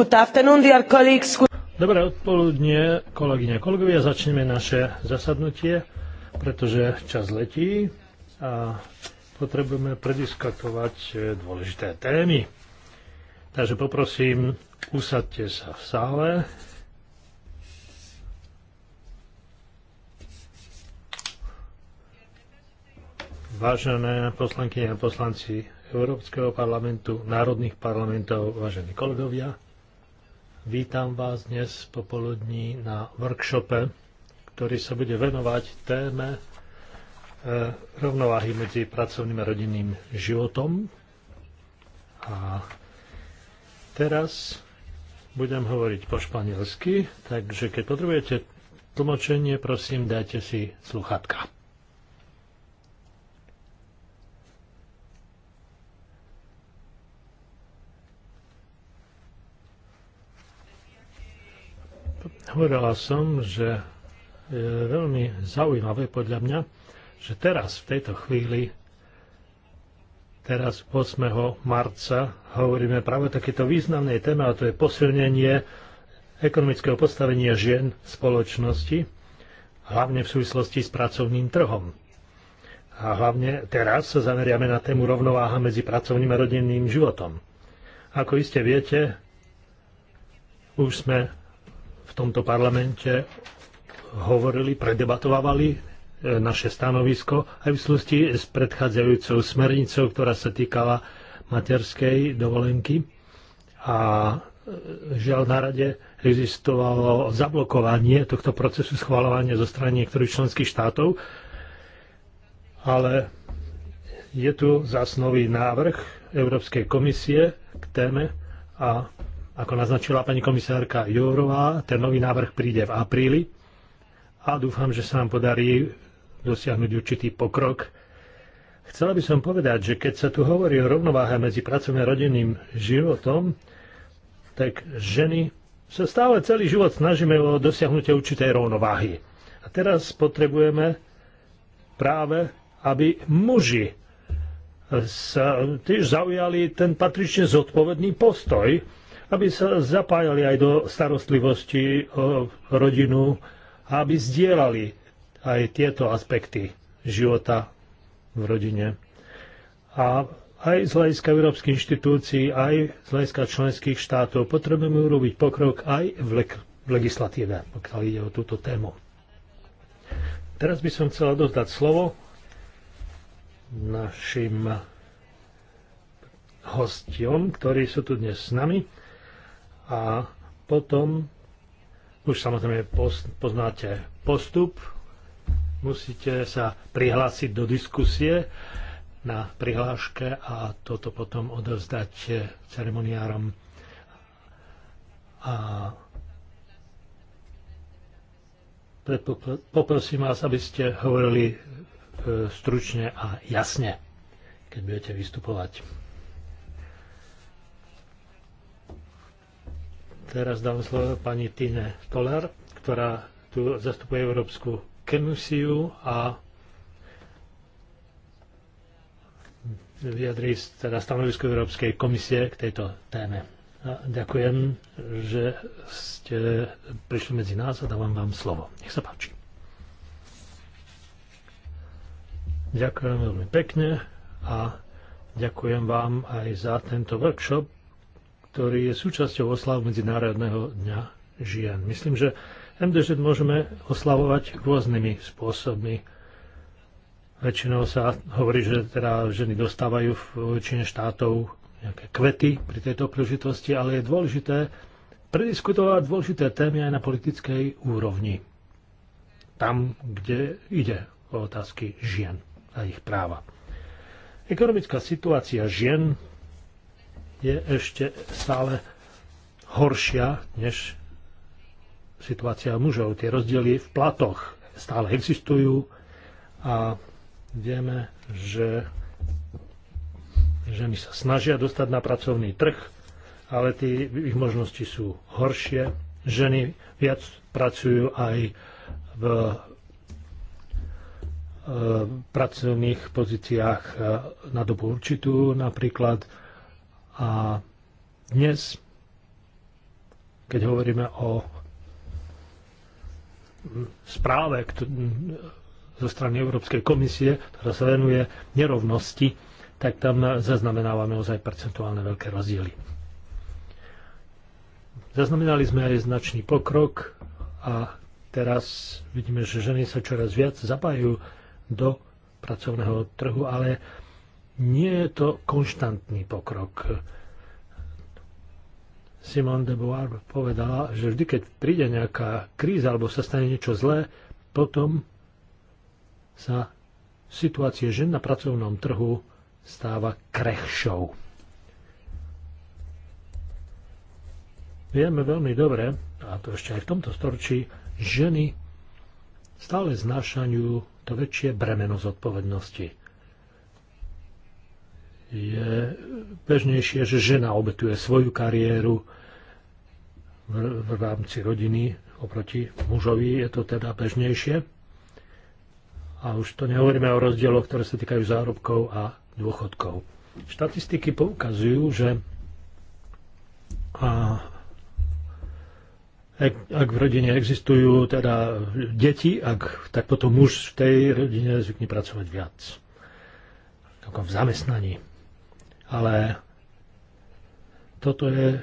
Good afternoon, dear colleagues. Dobré odpoludne, kolegyne a kolegovia. Začneme naše zasadnutie, pretože čas letí a potrebujeme prediskutovať eh, dôležité témy. Takže poprosím, usadte sa v sále. Vážené poslankyne a poslanci Európskeho parlamentu, národných parlamentov, vážení kolegovia. Vítam vás dnes popoludní na workshope, ktorý sa bude venovať téme e, rovnováhy medzi pracovným a rodinným životom. A teraz budem hovoriť po španielsky, takže keď potrebujete tlmočenie, prosím, dajte si sluchatka. Hovorila som, že je veľmi zaujímavé podľa mňa, že teraz, v tejto chvíli, teraz 8. marca, hovoríme práve o takéto významnej téme, a to je posilnenie ekonomického postavenia žien v spoločnosti, hlavne v súvislosti s pracovným trhom. A hlavne teraz sa zameriame na tému rovnováha medzi pracovným a rodinným životom. Ako iste viete, už sme v tomto parlamente hovorili, predebatovali e, naše stanovisko aj v súvislosti s predchádzajúcou smernicou, ktorá sa týkala materskej dovolenky. A e, žiaľ na rade existovalo zablokovanie tohto procesu schvalovania zo strany niektorých členských štátov, ale je tu zásnový návrh Európskej komisie k téme a ako naznačila pani komisárka Jourová, ten nový návrh príde v apríli a dúfam, že sa nám podarí dosiahnuť určitý pokrok. Chcela by som povedať, že keď sa tu hovorí o rovnováhe medzi pracovným a rodinným životom, tak ženy sa stále celý život snažíme o dosiahnutie určitej rovnováhy. A teraz potrebujeme práve, aby muži sa tiež zaujali ten patrične zodpovedný postoj, aby sa zapájali aj do starostlivosti o rodinu a aby zdieľali aj tieto aspekty života v rodine. A aj z hľadiska európskych inštitúcií, aj z hľadiska členských štátov potrebujeme urobiť pokrok aj v, le- v legislatíve, pokiaľ ide o túto tému. Teraz by som chcela dozdať slovo našim hostiom, ktorí sú tu dnes s nami. A potom, už samozrejme poznáte postup, musíte sa prihlásiť do diskusie na prihláške a toto potom odovzdať eh, ceremoniárom. A poprosím vás, aby ste hovorili eh, stručne a jasne, keď budete vystupovať. Teraz dám slovo pani Tine Toler, ktorá tu zastupuje Európsku komisiu a vyjadrí teda stanovisko Európskej komisie k tejto téme. A ďakujem, že ste prišli medzi nás a dávam vám slovo. Nech sa páči. Ďakujem veľmi pekne a ďakujem vám aj za tento workshop, ktorý je súčasťou oslav Medzinárodného dňa žien. Myslím, že MDŽ môžeme oslavovať rôznymi spôsobmi. Väčšinou sa hovorí, že teda ženy dostávajú v väčšine štátov nejaké kvety pri tejto príležitosti, ale je dôležité prediskutovať dôležité témy aj na politickej úrovni. Tam, kde ide o otázky žien a ich práva. Ekonomická situácia žien je ešte stále horšia než situácia mužov. Tie rozdiely v platoch stále existujú a vieme, že ženy sa snažia dostať na pracovný trh, ale tie ich možnosti sú horšie. Ženy viac pracujú aj v e, pracovných pozíciách e, na dobu určitú napríklad a dnes, keď hovoríme o správe zo strany Európskej komisie, ktorá sa venuje nerovnosti, tak tam zaznamenávame ozaj percentuálne veľké rozdiely. Zaznamenali sme aj značný pokrok a teraz vidíme, že ženy sa čoraz viac zapájajú do pracovného trhu, ale nie je to konštantný pokrok. Simone de Beauvoir povedala, že vždy, keď príde nejaká kríza alebo sa stane niečo zlé, potom sa situácie žen na pracovnom trhu stáva krehšou. Vieme veľmi dobre, a to ešte aj v tomto storčí, ženy stále znášajú to väčšie bremeno zodpovednosti je bežnejšie, že žena obetuje svoju kariéru v, v rámci rodiny, oproti mužovi je to teda bežnejšie. A už to nehovoríme o rozdieloch, ktoré sa týkajú zárobkov a dôchodkov. Štatistiky poukazujú, že a ak, ak v rodine existujú teda deti, ak, tak potom muž v tej rodine zvykne pracovať viac. Ako v zamestnaní ale toto je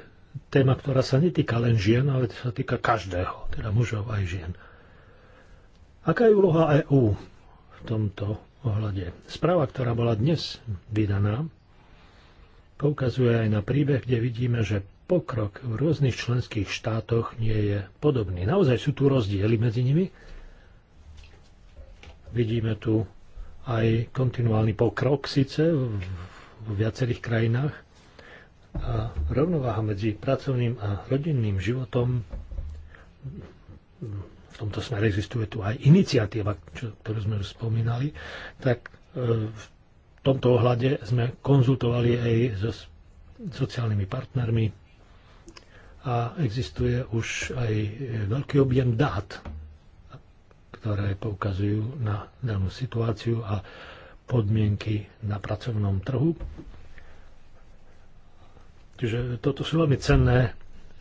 téma, ktorá sa netýka len žien, ale sa týka každého, teda mužov aj žien. Aká je úloha EÚ v tomto ohľade? Správa, ktorá bola dnes vydaná, poukazuje aj na príbeh, kde vidíme, že pokrok v rôznych členských štátoch nie je podobný. Naozaj sú tu rozdiely medzi nimi. Vidíme tu aj kontinuálny pokrok síce v vo viacerých krajinách a rovnováha medzi pracovným a rodinným životom v tomto smere existuje tu aj iniciatíva, čo, ktorú sme už spomínali, tak e, v tomto ohľade sme konzultovali aj so sociálnymi partnermi a existuje už aj veľký objem dát, ktoré poukazujú na danú situáciu a podmienky na pracovnom trhu. Čiže toto sú veľmi cenné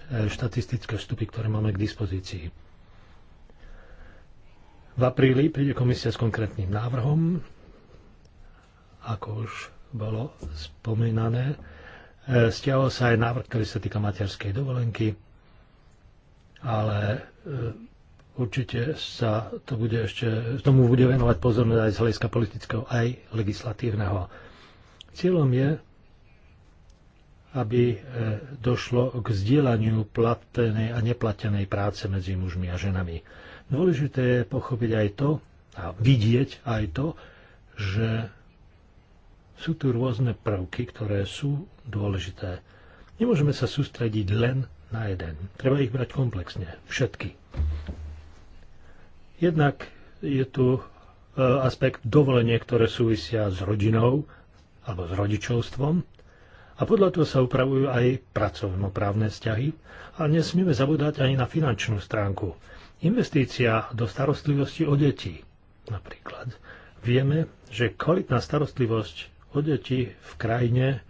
e, štatistické vstupy, ktoré máme k dispozícii. V apríli príde komisia s konkrétnym návrhom, ako už bolo spomínané. E, stiahol sa aj návrh, ktorý sa týka materskej dovolenky, ale e, Určite sa to bude ešte, tomu bude venovať pozornosť aj z hľadiska politického, aj legislatívneho. Cieľom je, aby e, došlo k zdieľaniu platenej a neplatenej práce medzi mužmi a ženami. Dôležité je pochopiť aj to a vidieť aj to, že sú tu rôzne prvky, ktoré sú dôležité. Nemôžeme sa sústrediť len na jeden. Treba ich brať komplexne, všetky. Jednak je tu e, aspekt dovolenie, ktoré súvisia s rodinou alebo s rodičovstvom. A podľa toho sa upravujú aj pracovnoprávne vzťahy. A nesmieme zabúdať ani na finančnú stránku. Investícia do starostlivosti o deti napríklad. Vieme, že kvalitná starostlivosť o deti v krajine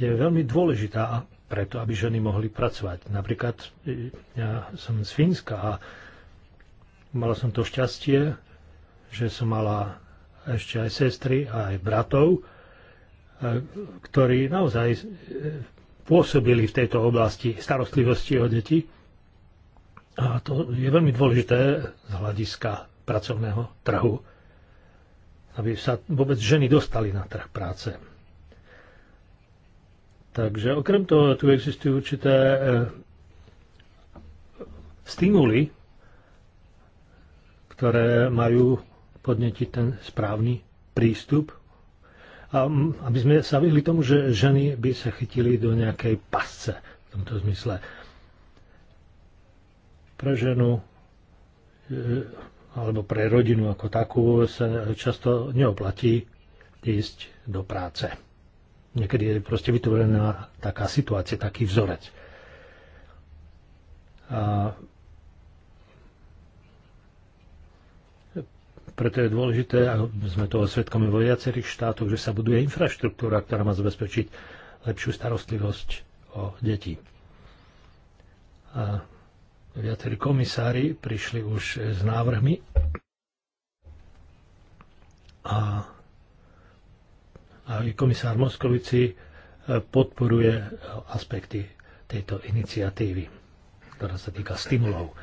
je veľmi dôležitá preto, aby ženy mohli pracovať. Napríklad e, ja som z Fínska a Mala som to šťastie, že som mala ešte aj sestry a aj bratov, e, ktorí naozaj e, pôsobili v tejto oblasti starostlivosti o deti. A to je veľmi dôležité z hľadiska pracovného trhu, aby sa vôbec ženy dostali na trh práce. Takže okrem toho tu existujú určité e, stimuly ktoré majú podnetiť ten správny prístup. A aby sme sa vyhli tomu, že ženy by sa chytili do nejakej pasce v tomto zmysle. Pre ženu e, alebo pre rodinu ako takú sa často neoplatí ísť do práce. Niekedy je proste vytvorená taká situácia, taký vzorec. A Preto je dôležité, a sme toho svetkami vo viacerých štátoch, že sa buduje infraštruktúra, ktorá má zabezpečiť lepšiu starostlivosť o deti. A viacerí komisári prišli už s návrhmi a aj komisár Moskovici e, podporuje aspekty tejto iniciatívy, ktorá sa týka stimulov.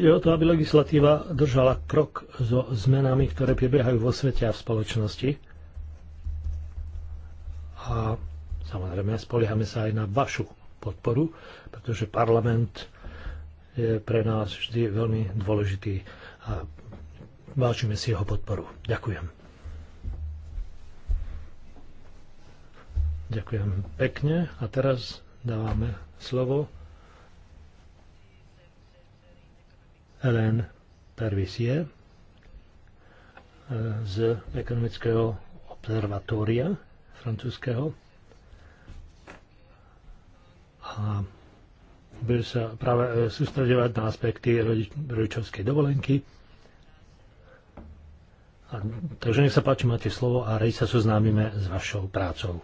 Ide o to, aby legislatíva držala krok so zmenami, ktoré prebiehajú vo svete a v spoločnosti. A samozrejme, spoliehame sa aj na vašu podporu, pretože parlament je pre nás vždy veľmi dôležitý a vážime si jeho podporu. Ďakujem. Ďakujem pekne a teraz dávame slovo Helen Pervisie eh, z ekonomického observatória francúzského a bude sa práve eh, sústredovať na aspekty rodičovskej dovolenky. A, takže nech sa páči, máte slovo a rej sa zoznámime s vašou prácou.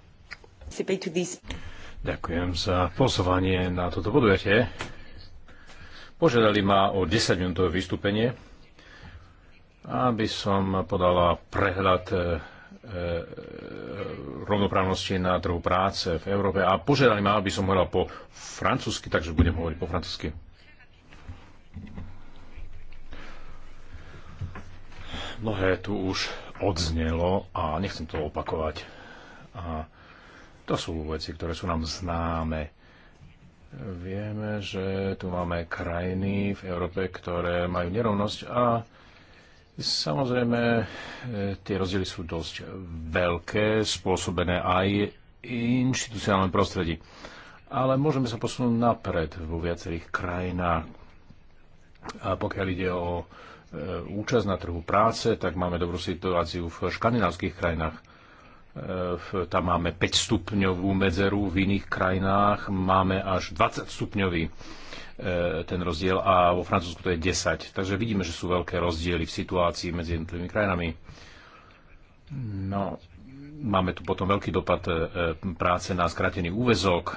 Ďakujem za pozvanie na toto podujatie. Požiadali ma o 10-minútové vystúpenie, aby som podala prehľad e, e, rovnoprávnosti na trhu práce v Európe a požiadali ma, aby som hovoril po francúzsky, takže budem hovoriť po francúzsky. Mnohé tu už odznelo a nechcem to opakovať. A to sú veci, ktoré sú nám známe Vieme, že tu máme krajiny v Európe, ktoré majú nerovnosť a samozrejme e, tie rozdiely sú dosť veľké, spôsobené aj inštitucionálnym prostredí. Ale môžeme sa posunúť napred vo viacerých krajinách. A pokiaľ ide o e, účasť na trhu práce, tak máme dobrú situáciu v škandinávskych krajinách tam máme 5-stupňovú medzeru, v iných krajinách máme až 20-stupňový e, ten rozdiel a vo Francúzsku to je 10. Takže vidíme, že sú veľké rozdiely v situácii medzi jednotlivými krajinami. No, máme tu potom veľký dopad e, práce na skratený úvezok. E,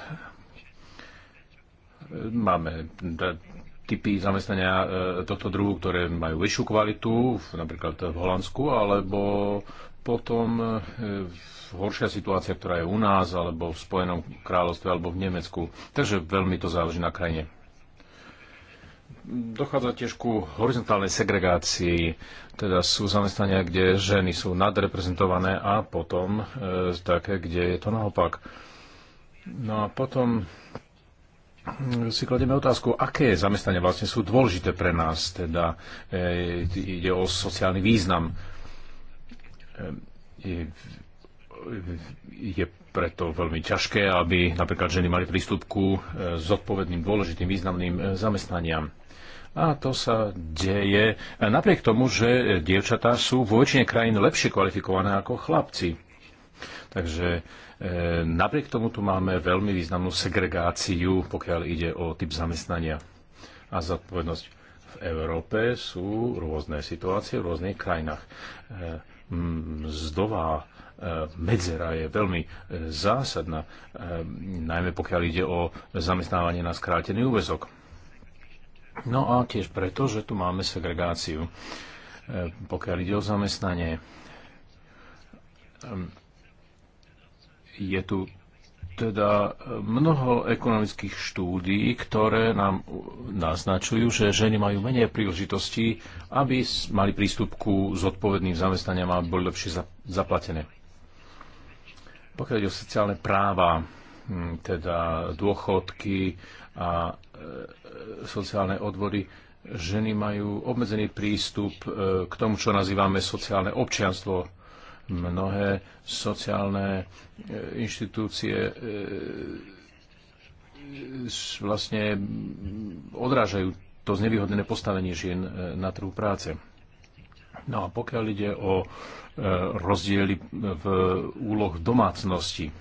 máme typy zamestnania e, tohto druhu, ktoré majú vyššiu kvalitu, napríklad v Holandsku, alebo potom e, horšia situácia, ktorá je u nás, alebo v Spojenom kráľovstve, alebo v Nemecku. Takže veľmi to záleží na krajine. Dochádza tiež ku horizontálnej segregácii, teda sú zamestnania, kde ženy sú nadreprezentované a potom e, také, kde je to naopak. No a potom Hm, si kladieme otázku, aké zamestnania vlastne sú dôležité pre nás, teda e, ide o sociálny význam. E, je preto veľmi ťažké, aby napríklad ženy mali prístup ku e, zodpovedným, dôležitým, významným e, zamestnaniam. A to sa deje e, napriek tomu, že dievčatá sú vo väčšine krajín lepšie kvalifikované ako chlapci. Takže E, napriek tomu tu máme veľmi významnú segregáciu, pokiaľ ide o typ zamestnania a zodpovednosť. V Európe sú rôzne situácie v rôznych krajinách. E, mzdová e, medzera je veľmi zásadná, najmä pokiaľ ide o zamestnávanie na skrátený úvezok. No a tiež preto, že tu máme segregáciu, pokiaľ ide o zamestnanie ehm, je tu teda mnoho ekonomických štúdí, ktoré nám naznačujú, že ženy majú menej príležitostí, aby mali prístup ku zodpovedným zamestnaniam a boli lepšie zaplatené. Pokiaľ ide o sociálne práva, hm, teda dôchodky a e, sociálne odvody, ženy majú obmedzený prístup e, k tomu, čo nazývame sociálne občianstvo Mnohé sociálne e, inštitúcie e, vlastne odrážajú to znevýhodnené postavenie žien e, na trhu práce. No a pokiaľ ide o rozdiely v úloh domácnosti,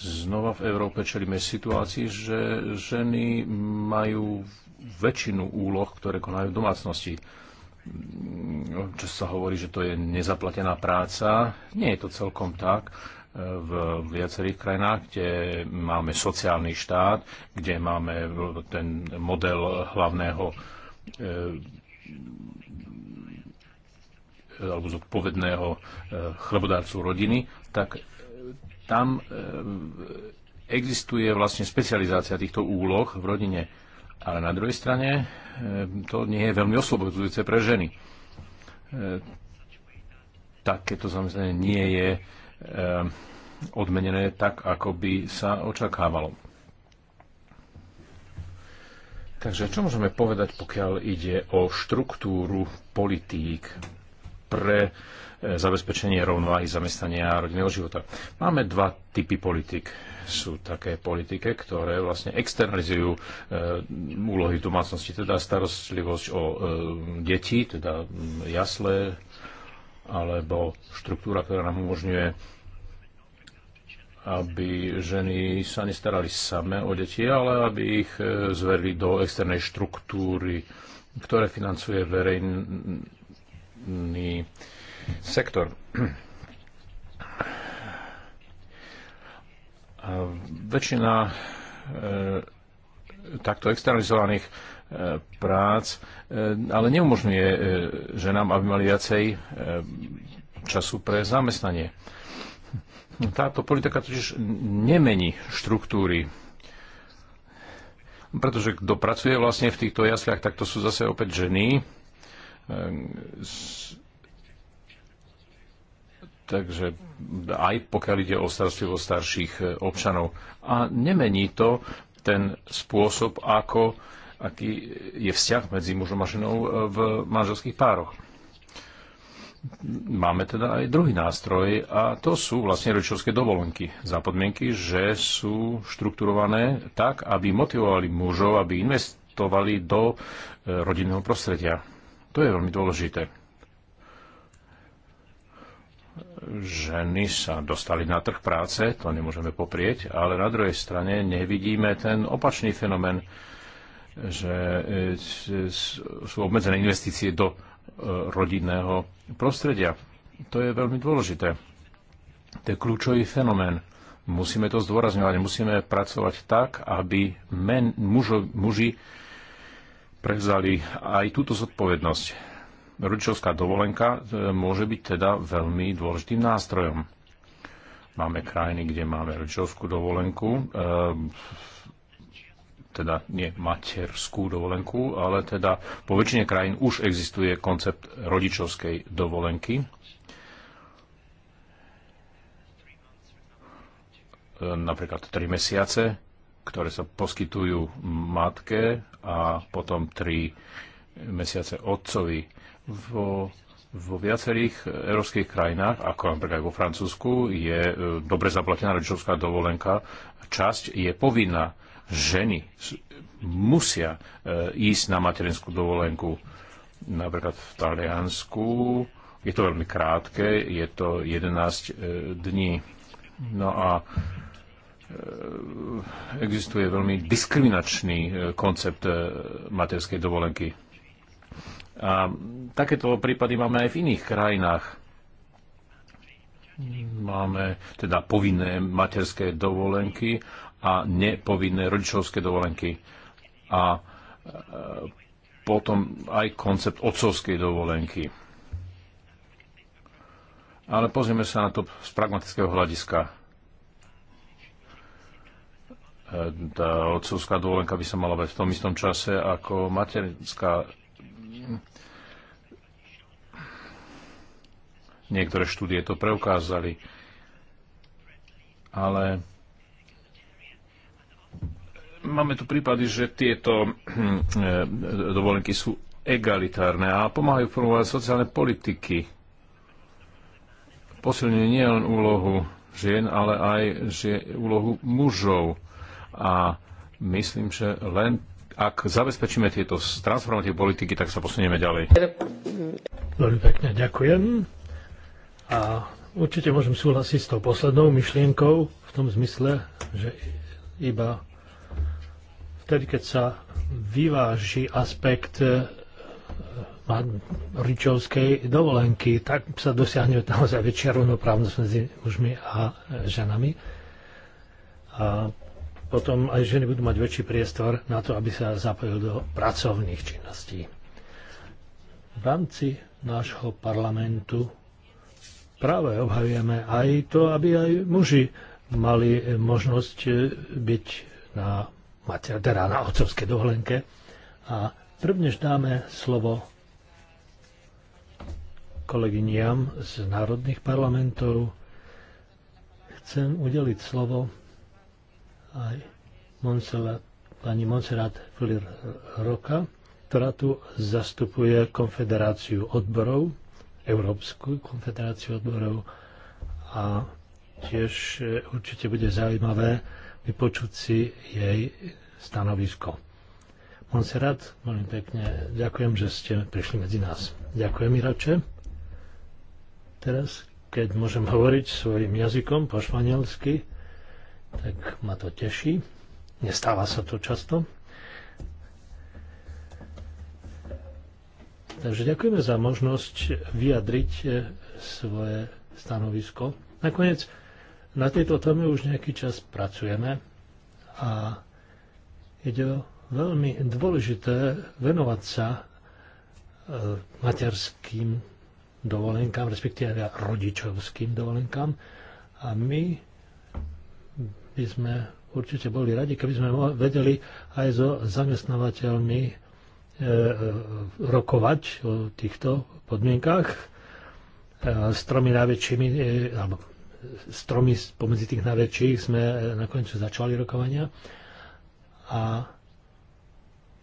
znova v Európe čelíme situácii, že ženy majú väčšinu úloh, ktoré konajú v domácnosti. Mm, čo sa hovorí, že to je nezaplatená práca. Nie je to celkom tak. V viacerých krajinách, kde máme sociálny štát, kde máme ten model hlavného eh, alebo zodpovedného eh, chlebodárcu rodiny, tak eh, tam existuje vlastne specializácia týchto úloh v rodine ale na druhej strane e, to nie je veľmi oslobodzujúce pre ženy. E, takéto zamestnanie nie je e, odmenené tak, ako by sa očakávalo. Takže čo môžeme povedať, pokiaľ ide o štruktúru politík pre e, zabezpečenie rovnováhy zamestnania a rodinného života. Máme dva typy politik. Sú také politike, ktoré vlastne externalizujú e, úlohy v domácnosti, teda starostlivosť o e, deti, teda jasle, alebo štruktúra, ktorá nám umožňuje aby ženy sa nestarali same o deti, ale aby ich e, zverili do externej štruktúry, ktoré financuje verejn, vodný sektor. Väčšina e, takto externalizovaných e, prác, e, ale neumožňuje ženám, aby mali viacej času pre zamestnanie. Táto politika totiž nemení štruktúry, pretože kto pracuje vlastne v týchto jasliach, tak to sú zase opäť ženy, Ehm, takže aj pokiaľ ide o starostlivosť starších e, občanov. A nemení to ten spôsob, ako, aký je vzťah medzi mužom a ženou e, v manželských pároch. Máme teda aj druhý nástroj a to sú vlastne rodičovské dovolenky za podmienky, že sú štrukturované tak, aby motivovali mužov, aby investovali do e, rodinného prostredia to je veľmi dôležité. Ženy sa dostali na trh práce, to nemôžeme poprieť, ale na druhej strane nevidíme ten opačný fenomén, že e, sú obmedzené investície do e, rodinného prostredia. To je veľmi dôležité. To je kľúčový fenomén. Musíme to zdôrazňovať, musíme pracovať tak, aby men, mužo, muži prevzali aj túto zodpovednosť. Rodičovská dovolenka e, môže byť teda veľmi dôležitým nástrojom. Máme krajiny, kde máme rodičovskú dovolenku, e, teda nie materskú dovolenku, ale teda po väčšine krajín už existuje koncept rodičovskej dovolenky. E, napríklad 3 mesiace ktoré sa poskytujú matke a potom tri mesiace otcovi. Vo, vo viacerých európskych krajinách, ako napríklad aj vo Francúzsku, je e, dobre zaplatená rodičovská dovolenka. Časť je povinná. Ženy musia e, ísť na materinskú dovolenku. Napríklad v Taliansku je to veľmi krátke, je to 11 e, dní. No a E, existuje veľmi diskriminačný e, koncept e, materskej dovolenky. A takéto prípady máme aj v iných krajinách. Máme teda povinné materské dovolenky a nepovinné rodičovské dovolenky. A potom aj koncept otcovskej dovolenky. Ale pozrieme sa na to z pragmatického hľadiska tá otcovská dovolenka by sa mala brať v tom istom čase ako materská. Niektoré štúdie to preukázali, ale máme tu prípady, že tieto dovolenky sú egalitárne a pomáhajú formovať sociálne politiky. Posilňuje nielen úlohu žien, ale aj že úlohu mužov a myslím, že len ak zabezpečíme tieto transformácie politiky, tak sa posunieme ďalej. Veľmi pekne ďakujem. A určite môžem súhlasiť s tou poslednou myšlienkou v tom zmysle, že iba vtedy, keď sa vyváži aspekt eh, rodičovskej dovolenky, tak sa dosiahne naozaj väčšia rovnoprávnosť medzi mužmi a ženami. A potom aj ženy budú mať väčší priestor na to, aby sa zapojili do pracovných činností. V rámci nášho parlamentu práve obhajujeme aj to, aby aj muži mali možnosť e, byť na, mater, teda na otcovskej dovolenke. A prvnež dáme slovo kolegyniam z národných parlamentov. Chcem udeliť slovo aj Monsola, pani Monserrat Flir Roka, ktorá tu zastupuje Konfederáciu odborov, Európsku konfederáciu odborov a tiež e, určite bude zaujímavé vypočuť si jej stanovisko. Monserrat, veľmi pekne ďakujem, že ste prišli medzi nás. Ďakujem, Irače. Teraz, keď môžem hovoriť svojim jazykom po španielsky, tak ma to teší. Nestáva sa to často. Takže ďakujeme za možnosť vyjadriť e, svoje stanovisko. Nakoniec na tejto téme už nejaký čas pracujeme a ide o veľmi dôležité venovať sa e, materským dovolenkám, respektíve rodičovským dovolenkám. A my by sme určite boli radi, keby sme vedeli aj so zamestnávateľmi e, e, rokovať o týchto podmienkách e, s tromi najväčšími, alebo s tromi pomedzi tých najväčších sme nakoniec začali rokovania a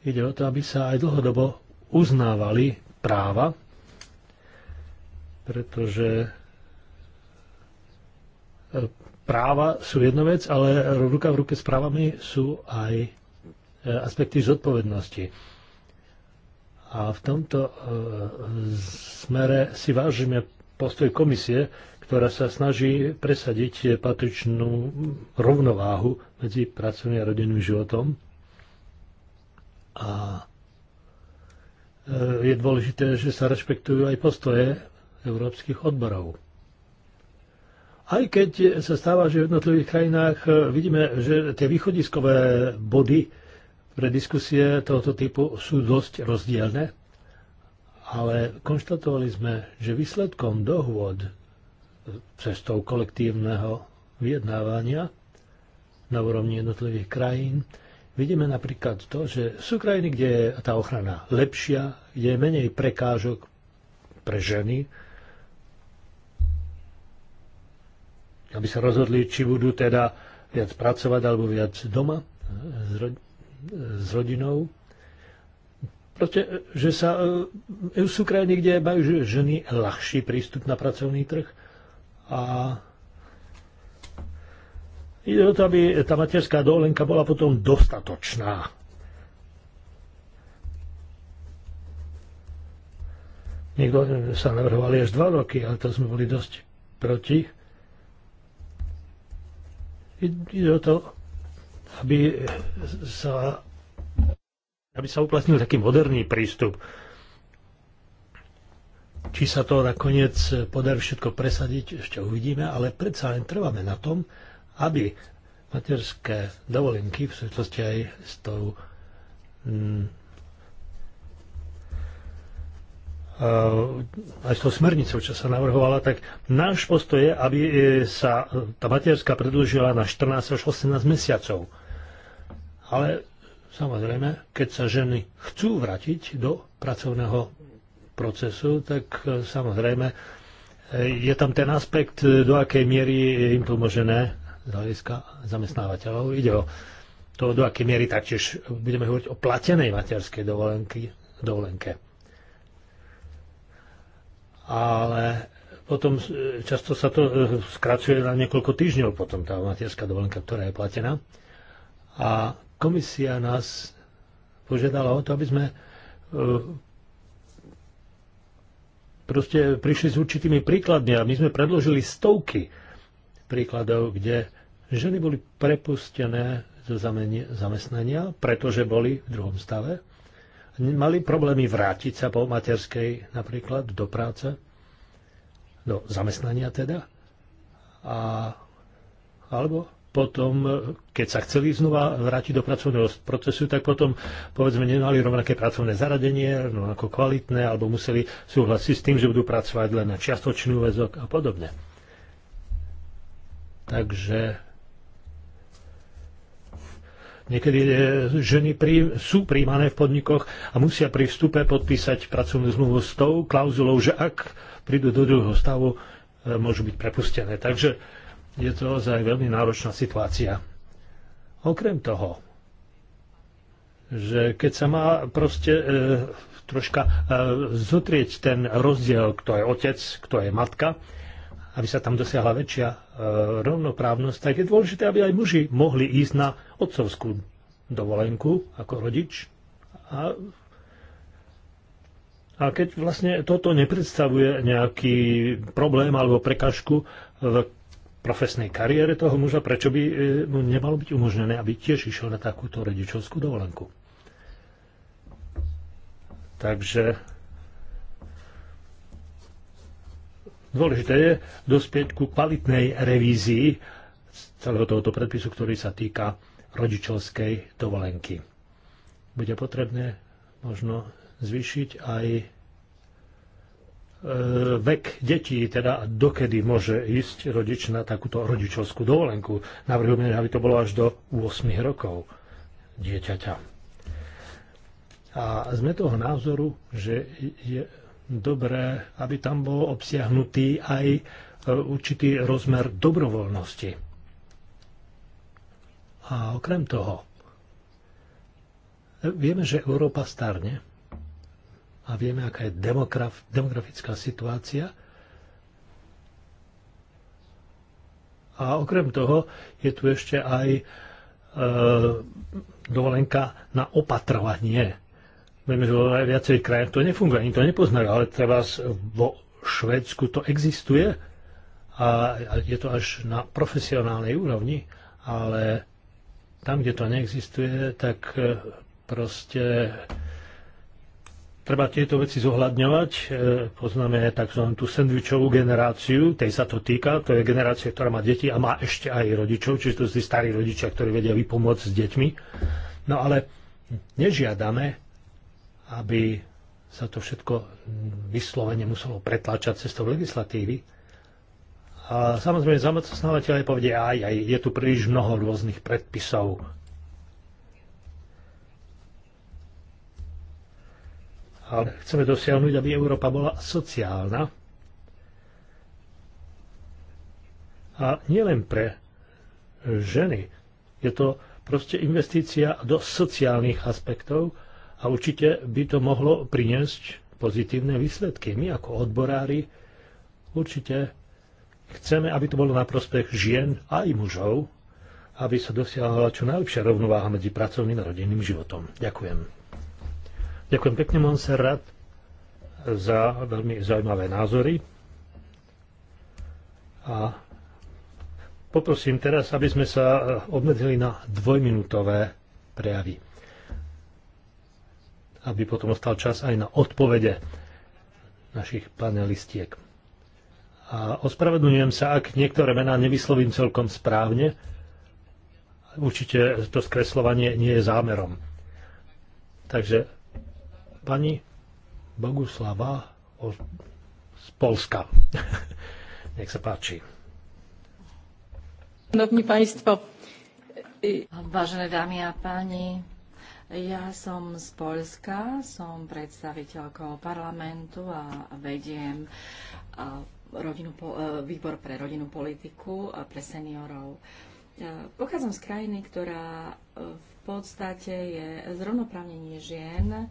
ide o to, aby sa aj dlhodobo uznávali práva, pretože práva sú jedna vec, ale ruka v ruke s právami sú aj e, aspekty zodpovednosti. A v tomto e, smere si vážime postoj komisie, ktorá sa snaží presadiť patričnú rovnováhu medzi pracovným a rodinným životom. A e, je dôležité, že sa rešpektujú aj postoje európskych odborov. Aj keď sa stáva, že v jednotlivých krajinách e, vidíme, že tie východiskové body pre diskusie tohoto typu sú dosť rozdielne, ale konštatovali sme, že výsledkom dohôd e, cestou kolektívneho vyjednávania na úrovni jednotlivých krajín vidíme napríklad to, že sú krajiny, kde je tá ochrana lepšia, kde je menej prekážok pre ženy, aby sa rozhodli, či budú teda viac pracovať alebo viac doma eh, s, ro- eh, s rodinou. Proste, eh, že sa, sú krajiny, kde majú ženy ľahší prístup na pracovný trh a ide o to, aby tá materská dovolenka bola potom dostatočná. Niekto sa navrhovali až dva roky, ale to sme boli dosť proti. Ide o to, aby sa, aby sa uplatnil taký moderný prístup. Či sa to nakoniec podarí všetko presadiť, ešte uvidíme, ale predsa len trváme na tom, aby materské dovolenky v súvislosti aj s tou mm, aj s tou smernicou, čo sa navrhovala, tak náš postoj je, aby e, sa tá materská predlžila na 14 až 18 mesiacov. Ale samozrejme, keď sa ženy chcú vrátiť do pracovného procesu, tak e, samozrejme e, je tam ten aspekt, do akej miery je im to možné z hľadiska zamestnávateľov. Ide o to, do akej miery taktiež budeme hovoriť o platenej materskej dovolenky, dovolenke ale potom e, často sa to e, skracuje na niekoľko týždňov potom tá materská dovolenka, ktorá je platená. A komisia nás požiadala o to, aby sme e, proste prišli s určitými príkladmi a my sme predložili stovky príkladov, kde ženy boli prepustené zo zamestnania, pretože boli v druhom stave mali problémy vrátiť sa po materskej napríklad do práce, do zamestnania teda, a, alebo potom, keď sa chceli znova vrátiť do pracovného procesu, tak potom, povedzme, nemali rovnaké pracovné zaradenie, no ako kvalitné, alebo museli súhlasiť s tým, že budú pracovať len na čiastočný väzok a podobne. Takže Niekedy e, ženy prí, sú príjmané v podnikoch a musia pri vstupe podpísať pracovnú zmluvu s tou klauzulou, že ak prídu do druhého stavu, e, môžu byť prepustené. Takže je to ozaj veľmi náročná situácia. Okrem toho, že keď sa má proste e, troška e, zotrieť ten rozdiel, kto je otec, kto je matka, aby sa tam dosiahla väčšia e, rovnoprávnosť, tak je dôležité, aby aj muži mohli ísť na otcovskú dovolenku ako rodič. A, a keď vlastne toto nepredstavuje nejaký problém alebo prekažku v profesnej kariére toho muža, prečo by e, mu nemalo byť umožnené, aby tiež išiel na takúto rodičovskú dovolenku. Takže dôležité je dospieť ku kvalitnej revízii celého tohoto predpisu, ktorý sa týka rodičovskej dovolenky. Bude potrebné možno zvýšiť aj e, vek detí, teda dokedy môže ísť rodič na takúto rodičovskú dovolenku. Navrhujeme, aby to bolo až do 8 rokov dieťaťa. A sme toho názoru, že je dobré, aby tam bol obsiahnutý aj e, určitý rozmer dobrovoľnosti a okrem toho, vieme, že Európa starne a vieme, aká je demograf, demografická situácia. A okrem toho je tu ešte aj e, dovolenka na opatrovanie. Vieme, že aj viacerých krajinách to nefunguje, ani to nepoznajú, ale treba vo Švedsku to existuje a je to až na profesionálnej úrovni, ale tam, kde to neexistuje, tak e, proste treba tieto veci zohľadňovať. E, poznáme tzv. tú sandvičovú generáciu, tej sa to týka, to je generácia, ktorá má deti a má ešte aj rodičov, čiže to sú tí starí rodičia, ktorí vedia vypomôcť s deťmi. No ale nežiadame, aby sa to všetko vyslovene muselo pretláčať cestou legislatívy, a samozrejme, zamestnávateľe povedia, aj, aj, je tu príliš mnoho rôznych predpisov. Ale chceme dosiahnuť, aby Európa bola sociálna. A nielen pre ženy. Je to proste investícia do sociálnych aspektov a určite by to mohlo priniesť pozitívne výsledky. My ako odborári určite Chceme, aby to bolo na prospech žien a i mužov, aby sa dosiahla čo najlepšia rovnováha medzi pracovným a rodinným životom. Ďakujem. Ďakujem pekne, Monserrat, za veľmi zaujímavé názory. A Poprosím teraz, aby sme sa e, obmedzili na dvojminútové prejavy. Aby potom ostal čas aj na odpovede našich panelistiek. A ospravedlňujem sa, ak niektoré mená nevyslovím celkom správne. Určite to skreslovanie nie je zámerom. Takže pani Boguslava z Polska. Nech sa páči. Dobrý Państwo. Vážené dámy a páni, ja som z Polska, som predstaviteľkou parlamentu a vediem rodinu, e, výbor pre rodinnú politiku pre seniorov. E, pochádzam z krajiny, ktorá e, v podstate je zrovnoprávnenie žien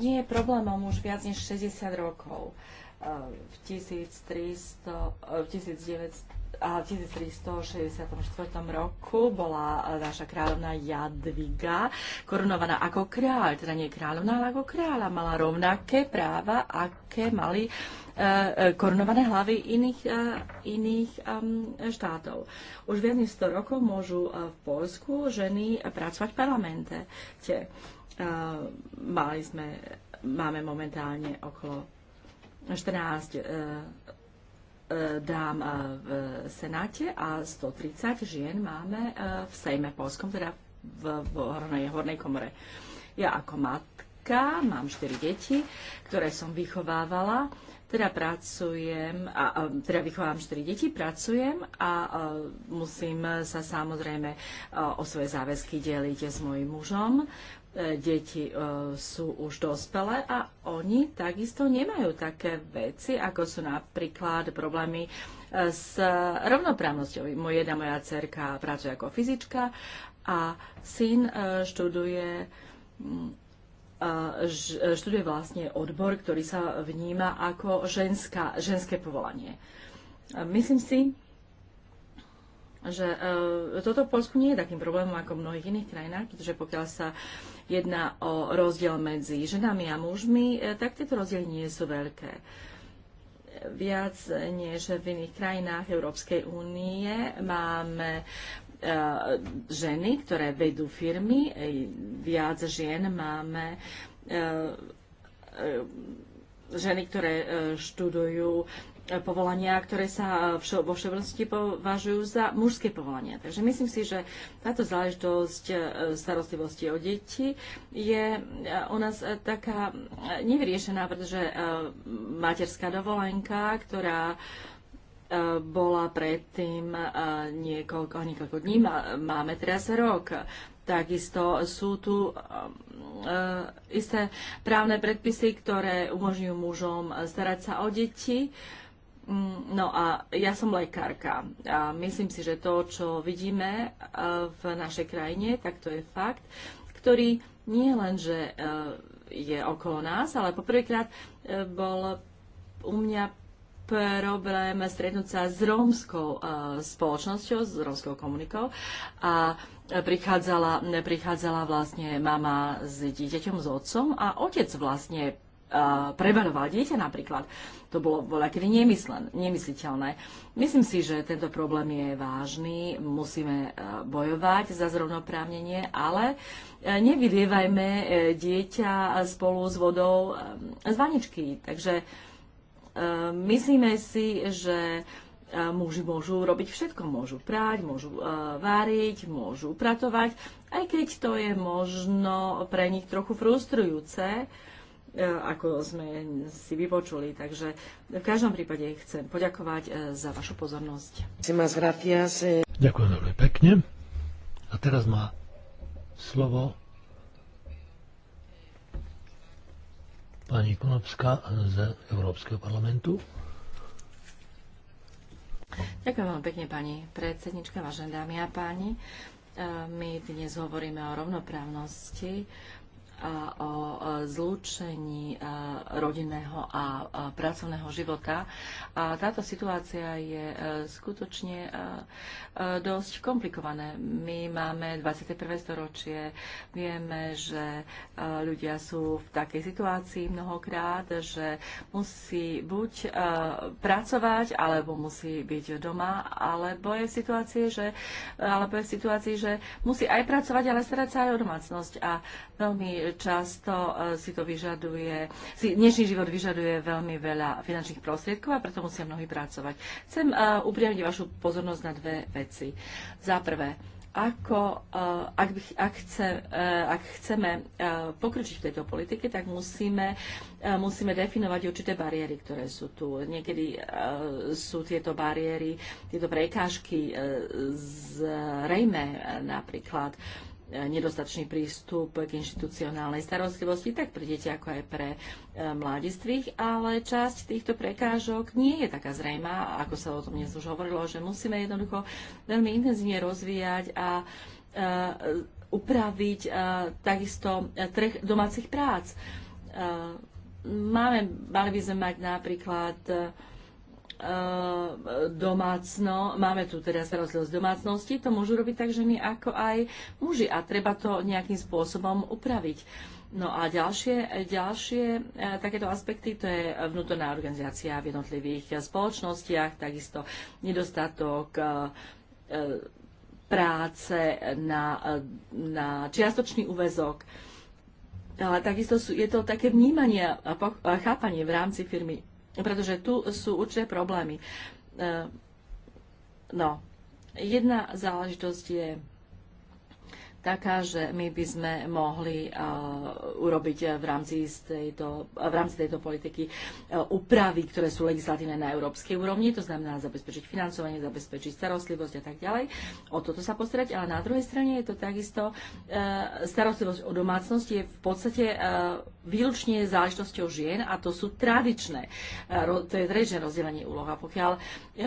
nie je problémom už viac než 60 rokov v 1364 roku bola naša kráľovná Jadviga korunovaná ako kráľ, teda nie kráľovná, ale ako kráľa. Mala rovnaké práva, aké mali e, e, korunované hlavy iných, e, iných štátov. Už viac než 100 rokov môžu v Polsku ženy pracovať v parlamente. Mali sme, máme momentálne okolo 14 e, e, dám e, v Senáte a 130 žien máme v Sejme Polskom, teda v, v hornej, hornej komore. Ja ako matka mám 4 deti, ktoré som vychovávala, teda pracujem, a, teda vychovám 4 deti, pracujem a, a musím sa samozrejme a, o svoje záväzky deliť s mojim mužom. E, deti e, sú už dospelé a oni takisto nemajú také veci, ako sú napríklad problémy e, s rovnoprávnosťou. Moje jedna moja dcerka pracuje ako fyzička a syn študuje študuje vlastne odbor, ktorý sa vníma ako ženská, ženské povolanie. Myslím si, že e, toto v Polsku nie je takým problémom ako v mnohých iných krajinách, pretože pokiaľ sa jedná o rozdiel medzi ženami a mužmi, e, tak tieto rozdiely nie sú veľké. Viac než v iných krajinách Európskej únie máme e, ženy, ktoré vedú firmy, viac žien máme ženy, ktoré študujú E, povolania, ktoré sa e, vo všeobecnosti považujú za mužské povolania. Takže myslím si, že táto záležitosť e, starostlivosti o deti je u nás taká nevyriešená, pretože materská dovolenka, ktorá bola predtým niekoľko, niekoľko dní, máme teraz rok. Takisto sú tu isté právne predpisy, ktoré umožňujú mužom starať sa o deti No a ja som lekárka a myslím si, že to, čo vidíme v našej krajine, tak to je fakt, ktorý nie len, že je okolo nás, ale poprvýkrát bol u mňa problém stretnúť sa s rómskou spoločnosťou, s rómskou komunikou a prichádzala, prichádzala vlastne mama s dieťaťom, s otcom a otec vlastne prebanoval dieťa napríklad. To bolo voľa kedy nemysliteľné. Myslím si, že tento problém je vážny, musíme e, bojovať za zrovnoprávnenie, ale e, nevylievajme e, dieťa spolu s vodou z vaničky. Takže myslíme si, že muži môžu robiť všetko. Môžu prať, môžu váriť, môžu upratovať, aj keď to je možno pre nich trochu frustrujúce, E, ako sme si vypočuli. Takže v každom prípade chcem poďakovať e, za vašu pozornosť. Eh. Ďakujem veľmi pekne. A teraz má slovo pani Konopská z Európskeho parlamentu. Ďakujem veľmi pekne, pani predsednička, vážené dámy a páni. E, my dnes hovoríme o rovnoprávnosti o zlúčení rodinného a pracovného života. A táto situácia je e, skutočne e, e, dosť komplikované. My máme 21. storočie, vieme, že ľudia sú v takej situácii mnohokrát, že musí buď pracovať, alebo musí byť doma, alebo je v situácii, že, alebo je v situácii, že musí aj pracovať, ale starať sa aj o domácnosť. A veľmi často e, si to vyžaduje, si dnešný život vyžaduje veľmi veľa finančných prostriedkov a preto musia mnohí pracovať. Chcem e, upriamiť vašu pozornosť na dve veci. Za prvé, ako, e, ak, by, ak, chce, ak chceme pokročiť v tejto politike, tak musíme, musíme definovať určité bariéry, ktoré sú tu. Niekedy sú tieto bariéry, tieto prekážky zrejme napríklad nedostačný prístup k inštitucionálnej starostlivosti, tak pre deti ako aj pre e, mladistvých, ale časť týchto prekážok nie je taká zrejmá, ako sa o tom dnes už hovorilo, že musíme jednoducho veľmi intenzívne rozvíjať a e, upraviť e, takisto trh domácich prác. Máme, mali by sme mať napríklad Eh, domácno, máme tu teda starostlivosť domácnosti, to môžu robiť tak ženy ako aj muži a treba to nejakým spôsobom upraviť. No a ďalšie, ďalšie eh, takéto aspekty, to je vnútorná organizácia v jednotlivých spoločnostiach, takisto nedostatok eh, práce na, na čiastočný úvezok. Ale takisto sú, je to také vnímanie a chápanie v rámci firmy pretože tu sú určité problémy. E, no, jedna záležitosť je taká, že my by sme mohli uh, urobiť v rámci, tejto, v rámci tejto politiky uh, úpravy, ktoré sú legislatívne na európskej úrovni, to znamená zabezpečiť financovanie, zabezpečiť starostlivosť a tak ďalej. O toto sa postarať, ale na druhej strane je to takisto uh, starostlivosť o domácnosti je v podstate výlučne záležitosťou žien a to sú tradičné, e, to je tradičné rozdelenie úloh. A pokiaľ e,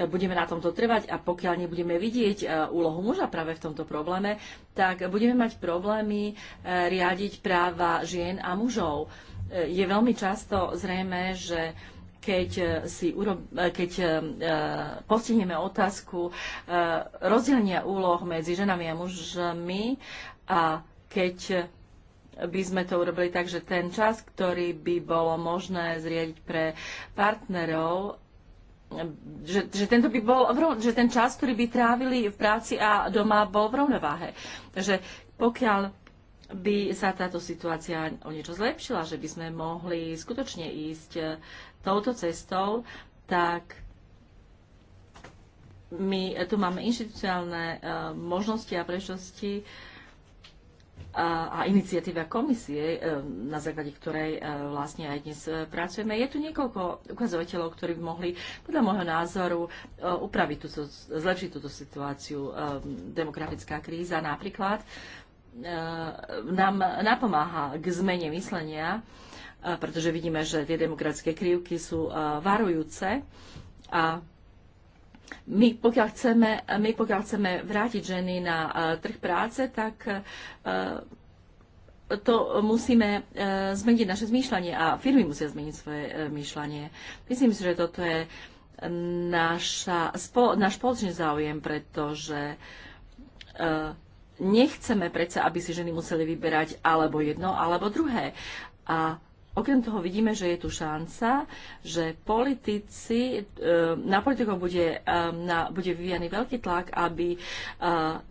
budeme na tomto trvať a pokiaľ nebudeme vidieť e, úlohu muža práve v tomto probléme, tak budeme mať problémy riadiť práva žien a mužov. Je veľmi často zrejme, že keď, si urob, keď e, postihneme otázku e, rozdelenia úloh medzi ženami a mužmi a keď by sme to urobili tak, že ten čas, ktorý by bolo možné zriediť pre partnerov, že, že, tento by bol, že ten čas, ktorý by trávili v práci a doma, bol v rovnováhe. Takže pokiaľ by sa táto situácia o niečo zlepšila, že by sme mohli skutočne ísť e, touto cestou, tak my tu máme inštitucionálne e, možnosti a prečnosti, a, a iniciatíva komisie, e, na základe ktorej e, vlastne aj dnes e, pracujeme. Je tu niekoľko ukazovateľov, ktorí by mohli, podľa môjho názoru, upraviť túto, zlepšiť túto situáciu. Demografická kríza napríklad nám napomáha k zmene myslenia, pretože vidíme, že tie demokratické krivky sú varujúce a my pokiaľ, chceme, my pokiaľ chceme vrátiť ženy na e, trh práce, tak e, to musíme e, zmeniť naše zmýšľanie a firmy musia zmeniť svoje myšľanie. Myslím si, že toto je naša, náš spoločný záujem, pretože nechceme predsa, aby si ženy museli vyberať alebo jedno, alebo druhé. A Okrem toho vidíme, že je tu šanca, že politici, e, na politikov bude, e, na, bude vyvíjaný veľký tlak, aby e,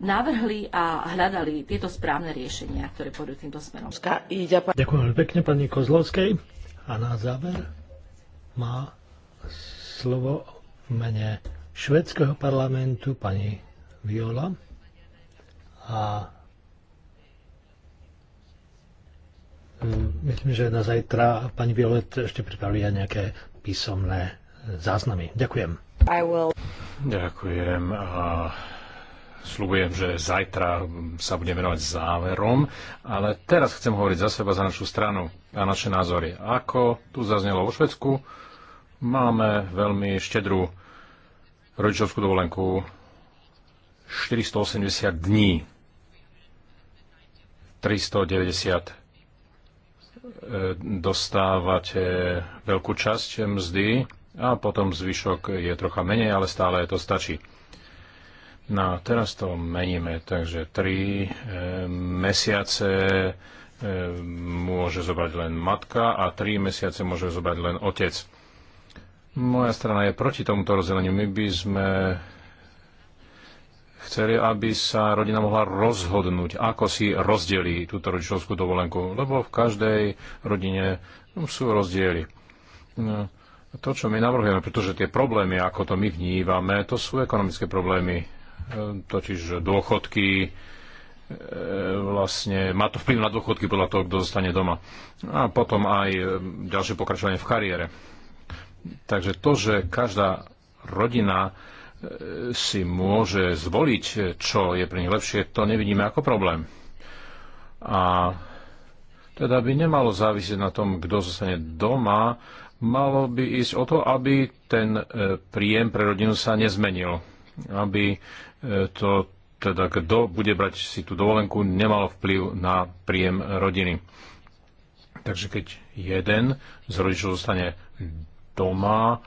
navrhli a hľadali tieto správne riešenia, ktoré pôjdu týmto smerom. Ďakujem veľmi pekne pani Kozlovskej. A na záver má slovo v mene švedského parlamentu pani Viola. A Mm, myslím, že na zajtra pani Violet ešte aj nejaké písomné záznamy. Ďakujem. I will... Ďakujem a slúbujem, že zajtra sa budeme venovať záverom, ale teraz chcem hovoriť za seba, za našu stranu a naše názory. Ako tu zaznelo vo Švedsku, máme veľmi štedrú rodičovskú dovolenku 480 dní, 390 E, dostávate veľkú časť mzdy a potom zvyšok je trocha menej, ale stále to stačí. No a teraz to meníme, takže 3 e, mesiace e, môže zobrať len matka a 3 mesiace môže zobrať len otec. Moja strana je proti tomuto rozdeleniu. My by sme chceli, aby sa rodina mohla rozhodnúť, ako si rozdelí túto rodičovskú dovolenku, lebo v každej rodine sú rozdiely. No, to, čo my navrhujeme, pretože tie problémy, ako to my vnívame, to sú ekonomické problémy, e, totiž dôchodky, e, vlastne má to vplyv na dôchodky podľa toho, kto zostane doma. A potom aj e, ďalšie pokračovanie v kariére. Takže to, že každá rodina si môže zvoliť, čo je pre nich lepšie, to nevidíme ako problém. A teda by nemalo závisieť na tom, kto zostane doma, malo by ísť o to, aby ten e, príjem pre rodinu sa nezmenil. Aby e, to, teda kto bude brať si tú dovolenku, nemalo vplyv na príjem rodiny. Takže keď jeden z rodičov zostane doma,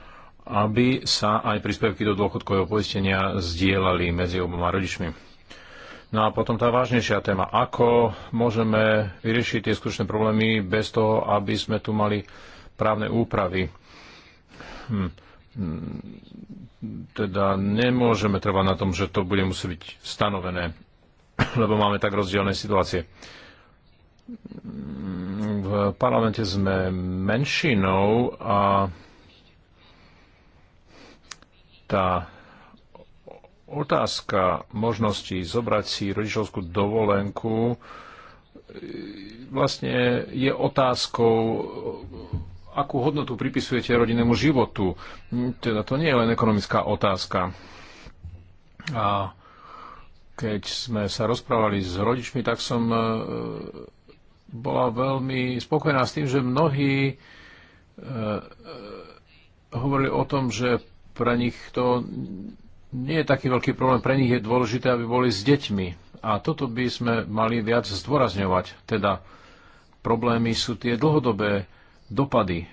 aby sa aj príspevky do dôchodkového poistenia zdieľali medzi oboma rodičmi. No a potom tá vážnejšia téma. Ako môžeme vyriešiť tie skutočné problémy bez toho, aby sme tu mali právne úpravy? Hm. Teda nemôžeme trvať na tom, že to bude musieť byť stanovené, lebo máme tak rozdielne situácie. V parlamente sme menšinou a tá otázka možnosti zobrať si rodičovskú dovolenku e, vlastne je otázkou, akú hodnotu pripisujete rodinnému životu. Teda to nie je len ekonomická otázka. A keď sme sa rozprávali s rodičmi, tak som e, bola veľmi spokojná s tým, že mnohí e, hovorili o tom, že pre nich to nie je taký veľký problém. Pre nich je dôležité, aby boli s deťmi. A toto by sme mali viac zdôrazňovať. Teda problémy sú tie dlhodobé dopady.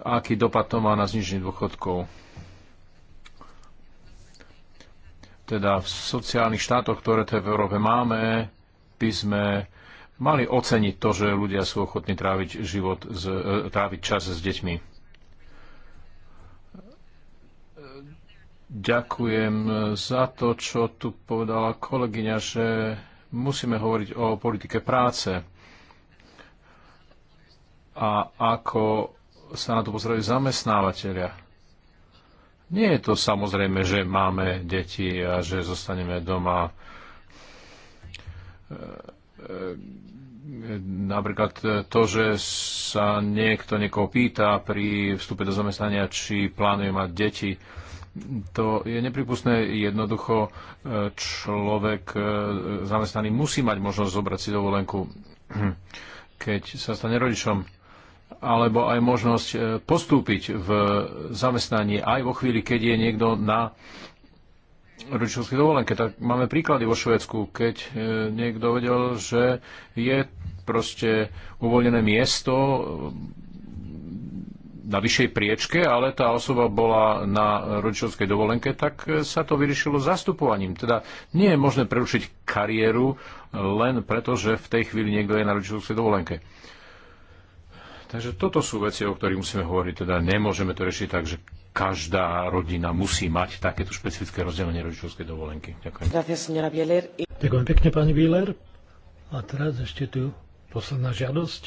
Aký dopad to má na znižení dôchodkov? Teda v sociálnych štátoch, ktoré to v Európe máme, by sme mali oceniť to, že ľudia sú ochotní tráviť, život, e, tráviť čas s deťmi. Ďakujem e, za to, čo tu povedala kolegyňa, že musíme hovoriť o politike práce a ako sa na to pozerajú zamestnávateľia. Nie je to samozrejme, že máme deti a že zostaneme doma. E, e, napríklad to, že sa niekto niekoho pýta pri vstupe do zamestnania, či plánuje mať deti, to je nepripustné. Jednoducho e, človek e, zamestnaný musí mať možnosť zobrať si dovolenku, keď sa stane rodičom alebo aj možnosť e, postúpiť v zamestnaní aj vo chvíli, keď je niekto na rodičovskej dovolenke. Tak máme príklady vo Švedsku, keď niekto vedel, že je proste uvoľnené miesto na vyššej priečke, ale tá osoba bola na rodičovskej dovolenke, tak e, sa to vyriešilo zastupovaním. Teda nie je možné prerušiť kariéru len preto, že v tej chvíli niekto je na rodičovskej dovolenke. Takže toto sú veci, o ktorých musíme hovoriť. Teda nemôžeme to riešiť tak, že každá rodina musí mať takéto špecifické rozdelenie rodičovskej dovolenky. Ďakujem. Ďakujem pekne, pani Bieler. A teraz ešte tu posledná žiadosť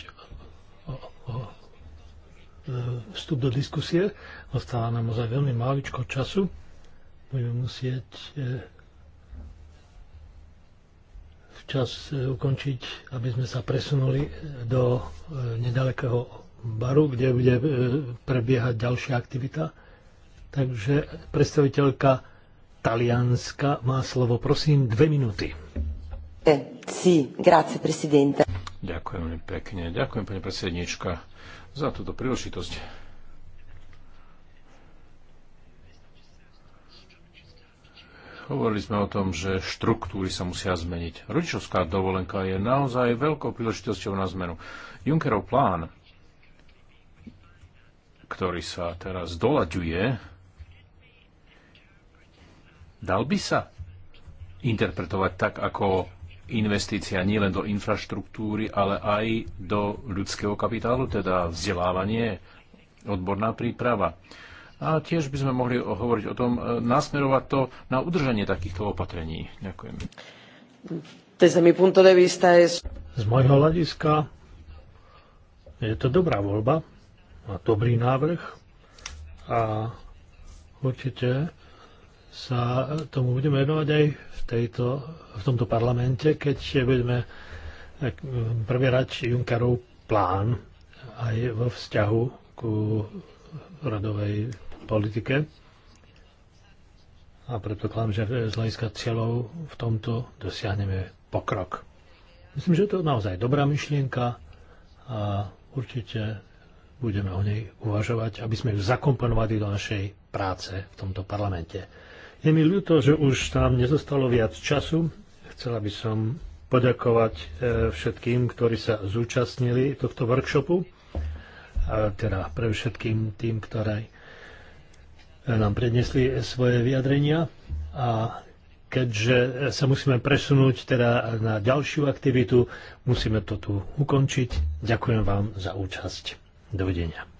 o, o vstup do diskusie. Ostáva nám ozaj veľmi máličko času. Budeme musieť e, včas e, ukončiť, aby sme sa presunuli do e, nedalekého baru, kde bude prebiehať ďalšia aktivita. Takže predstaviteľka Talianska má slovo. Prosím, dve minúty. Eh, sí, grazie, presidente. Ďakujem pekne. Ďakujem, pani predsednička za túto príležitosť. Hovorili sme o tom, že štruktúry sa musia zmeniť. Rodičovská dovolenka je naozaj veľkou príležitosťou na zmenu. Junckerov plán, ktorý sa teraz dolaďuje, dal by sa interpretovať tak, ako investícia nielen do infraštruktúry, ale aj do ľudského kapitálu, teda vzdelávanie, odborná príprava. A tiež by sme mohli hovoriť o tom, e, nasmerovať to na udržanie takýchto opatrení. Ďakujem. Z môjho hľadiska je to dobrá voľba a dobrý návrh a určite sa tomu budeme venovať aj v, tejto, v tomto parlamente, keď budeme eh, preberať Junkarov plán aj vo vzťahu ku radovej politike. A predpokladám, že z hľadiska cieľov v tomto dosiahneme pokrok. Myslím, že to je naozaj dobrá myšlienka a určite budeme o nej uvažovať, aby sme ju zakomponovali do našej práce v tomto parlamente. Je mi ľúto, že už tam nezostalo viac času. Chcela by som poďakovať e, všetkým, ktorí sa zúčastnili tohto workshopu, a teda pre všetkým tým, ktoré e, nám prednesli svoje vyjadrenia. A keďže sa musíme presunúť teda na ďalšiu aktivitu, musíme to tu ukončiť. Ďakujem vám za účasť. Dovidenia.